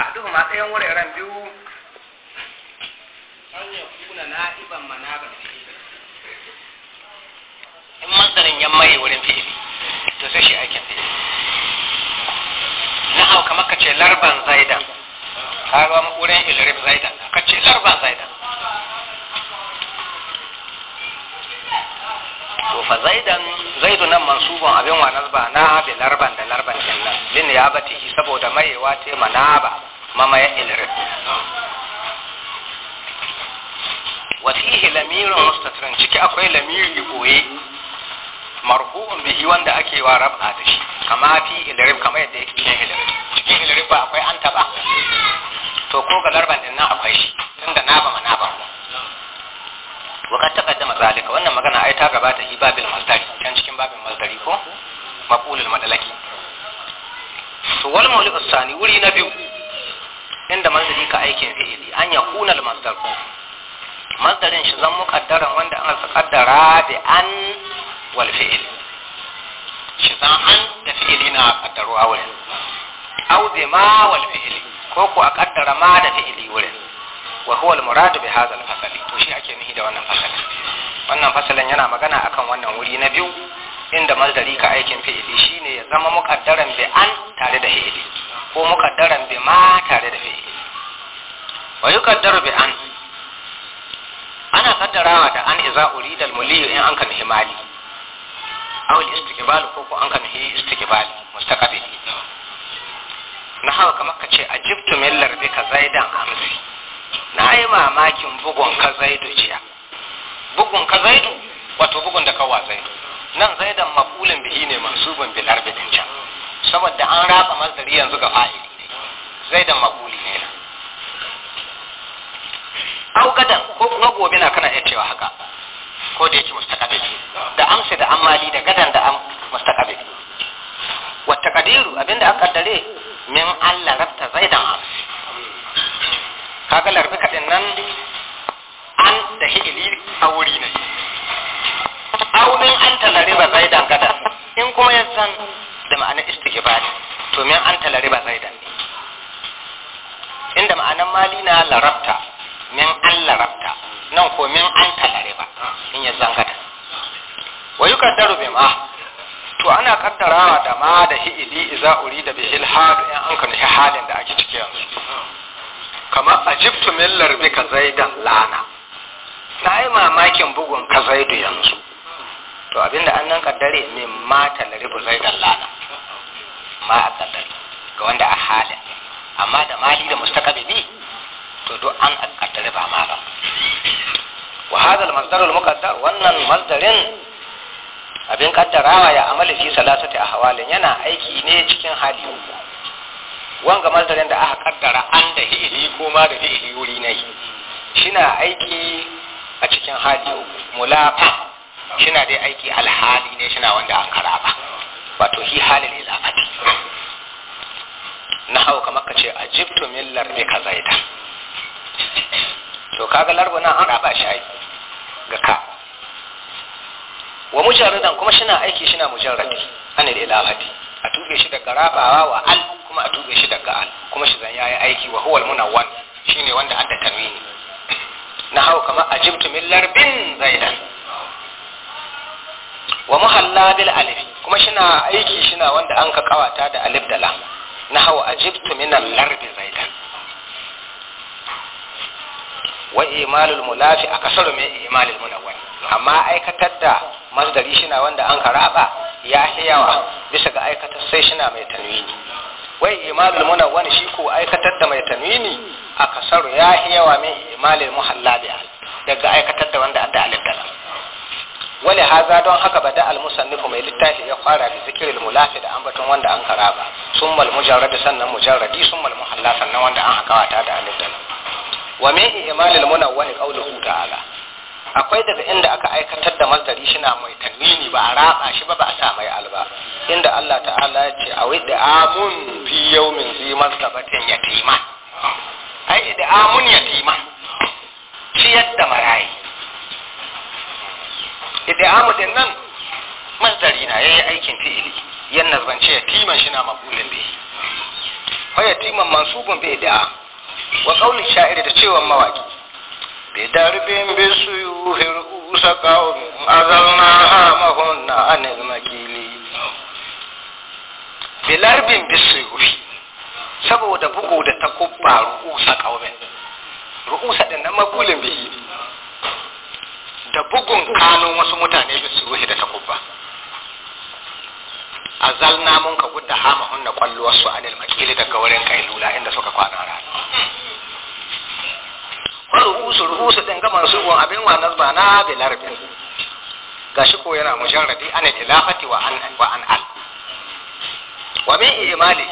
ahduhum a tsayin wuraren biyu an ya kuna na'iban manaban in masarin yan maye wurin fi'ili to sai shi aikin fi'ili na hau kamar ka ce larban zaidan karuwa wurin ilrib zaidan ka ce larban zaidan to fa zaidan zaidu nan mansubun abin wa nasba na bi larban da larban din nan lin ya bati saboda mayewa te manaba mamaya ilrin wasihi lamirin mustatirin ciki akwai lamiri goye marhu'un bihi wanda ake wa rab'a da shi kama fi ilrin kama yadda yake cikin ilrin cikin ilrin ba akwai an taba to ko ga larban din na akwai shi tun da naba manaba wakar takaddama zalika wannan magana ai ta gabata hi babil maldari can cikin babin maldari ko maqulul madalaki to wal mawli'us sani wuri na biyu inda masdari ka aikin fi'ili an yakuna al-masdar kun masdarin shi zan muqaddaran wanda an sa kaddara da an wal fi'il shi zan an da fi'ili na kaddaruwa wurin au bi ma wal fi'ili ko ku a kaddara ma da fi'ili wurin wa huwa al-murad bi hadha al-fasl to shi ake nufi da wannan fasal wannan fasalin yana magana akan wannan wuri na biyu inda masdari ka aikin fi'ili shine ya zama muqaddaran bi an tare da fi'ili ko mukaddaran bi ma tare da fi wa yukaddaru bi an ana kaddarawa da an iza urida al in an kan himali aw al-istiqbal ko ko an kan hi istiqbal mustaqbil na hawa kamar ka ce ajibtu millar bi ka zaidan amsi na yi mamakin bugun ka zaidu jiya bugun ka zaidu wato bugun da kawa zaidu nan zaidan maqulun bihi ne mansubun bil arbitin din can saboda an ratsa mazari yanzu ga fa'ili zai da makuli ne au gadan ko kuma gobe na kana iya cewa haka ko da yake mustaqabili da amsa da amali da gadan da am mustaqabili wa taqdiru abinda aka dare min Allah rabta zaidan amsi kaga larbi kadin nan an da hili a wuri ne au min anta lariba zaidan gadan in kuma ya san ma'anar istighfar to min an talare ba sai dan inda ma'anar na larabta min an larabta nan ko min an talare ba in ya zangata wa yukaddaru bi ma to ana kaddarawa da ma da hi'ili idza urida bi ilhadu in an kana halin da ake ciki yanzu kamar ajibtu min larbika zaidan lana na yi mamakin bugun ka zaidu yanzu to abinda an nan kaddare min mata laribu zaidan lana ma a sallar ga wanda a halin amma da mali da mustaqabili to duk an kaddara ba ma ba wa hadha al masdar al muqaddar wannan masdarin abin kaddarawa ya amala fi salasati ahwalin yana aiki ne cikin hali uku wanga masdarin da aka kaddara an da hili ko ma da hili wuri ne shina aiki a cikin hali uku mulaqa shina dai aiki alhali ne shina wanda an karaba wato hi halin ilafati na hau kamar ka ce a jibtu min larbe ka zaida to kaga larba na an raba shi ga ka wa mujarradan kuma shi na aiki shi na mujarradi anil ilafati a tuge shi daga rabawa wa al kuma a tuge shi daga al kuma shi zan yayi aiki wa huwal munawwan shine wanda an adda tanwini na hau kamar ajibtu min larbin zaidan wa muhalla bil alif yana aiki shi na wanda an ka kawata da alif da lam na hawa ajibtu min al-larbi zaidan wa imalul mulafi akasaru min imalul munawwar amma aikatar da masdari shi na wanda an ka raba ya hiyawa bisa ga aikatar sai shi na mai tanwini wai imalul munawwar shi ko aikatar da mai tanwini kasar ya hiyawa min imalul muhallabi daga aikatar da wanda adda alif wani haza don haka bada almusannifu mai littafi ya fara da zikirin mulafi da ambaton wanda an karaba sun mal mujarradi sannan mujarradi sun mal muhalla sannan wanda an hakawata da alif da wa min imalil munawwani qawluhu ta'ala akwai daga inda aka aikatar da masdari shina mai tanwini ba a raba shi ba ba a sa mai alba inda Allah ta'ala ya ce a wai da amun fi yawmin zi masdabatin yatima ai da amun yatima ciyar da marayi al'isti'amu din nan masdari na yayi aikin fi'ili yan nazbance ya timan shi na maqulin bi fa ya timan mansubun bi da wa qawli sha'ir da cewa mawaki bi darbin bi a hirusa qawm azalna amahunna anil makili bi larbin bi suyu saboda bugu da takubba ru'usa qawmin ru'usa din na maqulin bai. da bugun kanun wasu mutane bi su ruhi da takubba azalna mun ka gudda hama hunna kwalluwar su anil makili daga wurin kai lula inda suka kwana rana wani ruhusu ruhusu ɗin gama su gun abin wa nazba na bilarbin gashi ko yana mujarradi an ilafati wa an wa an al wa min imali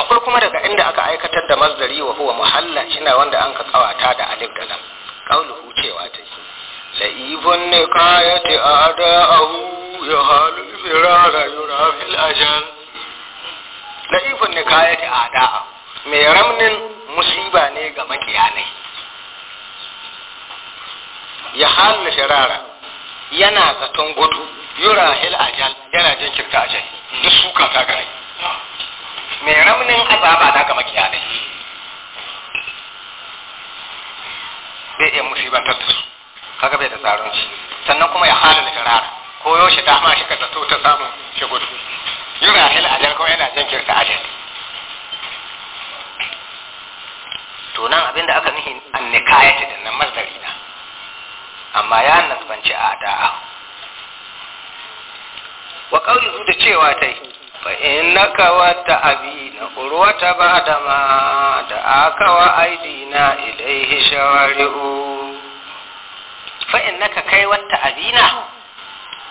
akwai kuma daga inda aka aikatar da mazdari wa huwa muhalla na wanda an ka kawata da alif da lam Ka ya ya a الوقاية أعداءه يهال الفرار ne ka ya لئيف a أعداءه mai ramnin musiba ne ga makiyanai ya halin shirara yana zaton gudu yura hil ajal yana jin kirka ajal duk suka ta gare mai ramnin azaba na ga makiyanai bai iya musibantar da su kaga bai da tsaron ci sannan kuma ya halala firara ko yaushe ta ma shi ka zato ta samu shi gudu yura hil ajal ko yana jinkirta ajal to nan abinda aka nuhi an nikayati da nan mazdari na amma ya nasbanci a da'a wa qawli da cewa ta tai fa innaka wata abina ba da ma da aka wa aidina ilaihi shawari'u naka kai wata abina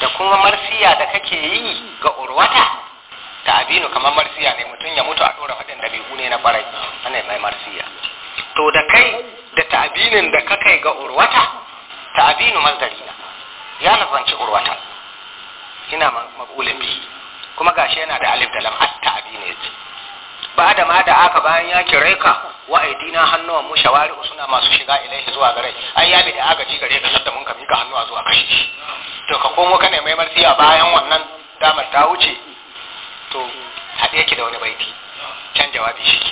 da kuma marsiya da kake yi ga urwata ta abinu kamar marsiya ne mutum ya mutu a ɗora faɗin ɗabi'u ne na ɓarai ana mai marsiya to da kai da ta'abinin da ka kai ga urwata ta'abinu mazdari na ya nufanci urwata ina maƙulin bihi kuma gashi yana da alif da ta abinu ya ce ba da ma da aka bayan ya kire ka wa aidina hannuwan mu shawari suna masu shiga ilaihi zuwa gare ai ya bi da agaji gare ka sabda mun ka mika hannuwa zuwa kashi. shi to ka komo kana mai martiya bayan wannan damar ta wuce to haɗe ki da wani baiti can jawabi shi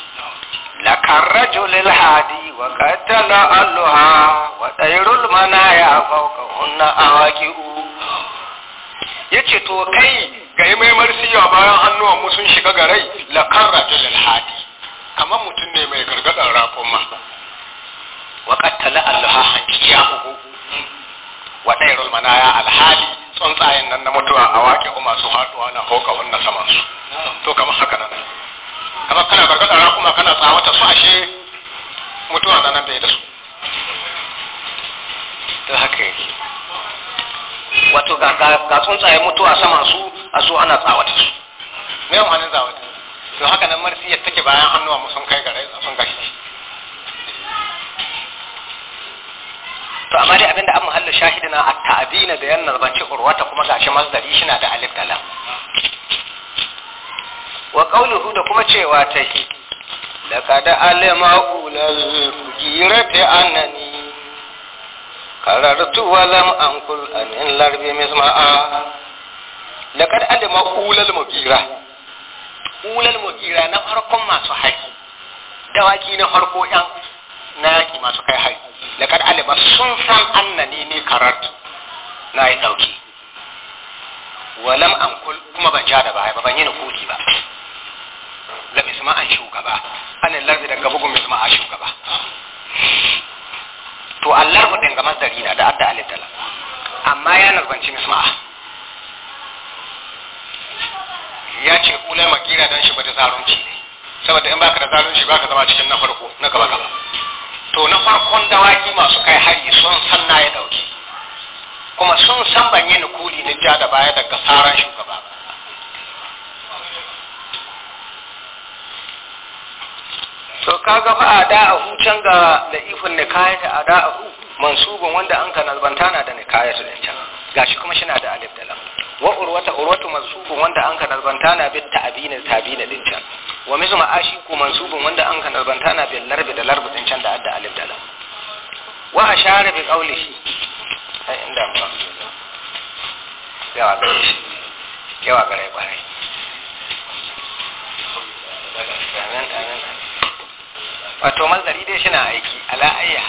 karaju lil hadi wa qatala alluha wa tayrul manaya fawqa hunna awaqiu yace to kai ga yi maimar siya bayan hannuwan mu sun shiga garai la karrata lil hadi kamar mutum ne mai gargadar ma wa kattala allaha uku wa dairul manaya alhadi. tsuntsayen nan na mutuwa a wake kuma su haduwa na hoka wannan saman su to kamar haka nan kamar kana gargadar rakuma kana tsawata su ashe mutuwa na nan bai da su to haka yake wato ga tsuntsayen mutuwa saman su a so ana tsawata su me amfanin tsawata to haka nan marsiyar take bayan hannuwa mu sun kai gare sun gashi to amma dai abinda an muhalla shahidina at-ta'bina da yannar bace urwata kuma gashi masdari shina da alif dalam wa qawluhu da kuma cewa ta shi laqad alima ulal kujirati annani qarartu wa lam anqul anil larbi misma'a لقد علم أولى المغيرة أولى المغيرة نفركم ما سحي دواجين هرقو يان ناكي ما سحي حي لقد علم سنسان أنني نكررت ناي نوكي ولم أنقل كما بنجاد بها ببنين قولي بها لم يسمع أنشو كبا أنا اللرد دقبوكم يسمع أنشو كبا تو اللرد دنقمز دقينا دا أدى أليد دلا أما يانر بنشي مسمع أنشو ya ce ulai makira dan shi ba da zarunci saboda in baka da zarunci baka zama cikin na farko na gaba gaba to na farkon dawaki masu kai hari sun san na ya dauki kuma sun san ban yi nukuli na ja da baya daga saran shugaba to kaga fa a da a hucan ga da ifin da a da a hu mansubin wanda an kana nazbanta na da su din can gashi kuma shi na da alif da lam wa urwata urwatu mansubun wanda an ka nazbanta na bit ta'bina ta'bina din can wa mithlu ma'ashi ku mansubun wanda an ka nazbanta na bil larbi da larbi din can da adda alif da lam wa ashara bi qawlihi ai inda ba yawa gare shi yawa gare gare amin amin wato mazari dai shi na aiki ala ayya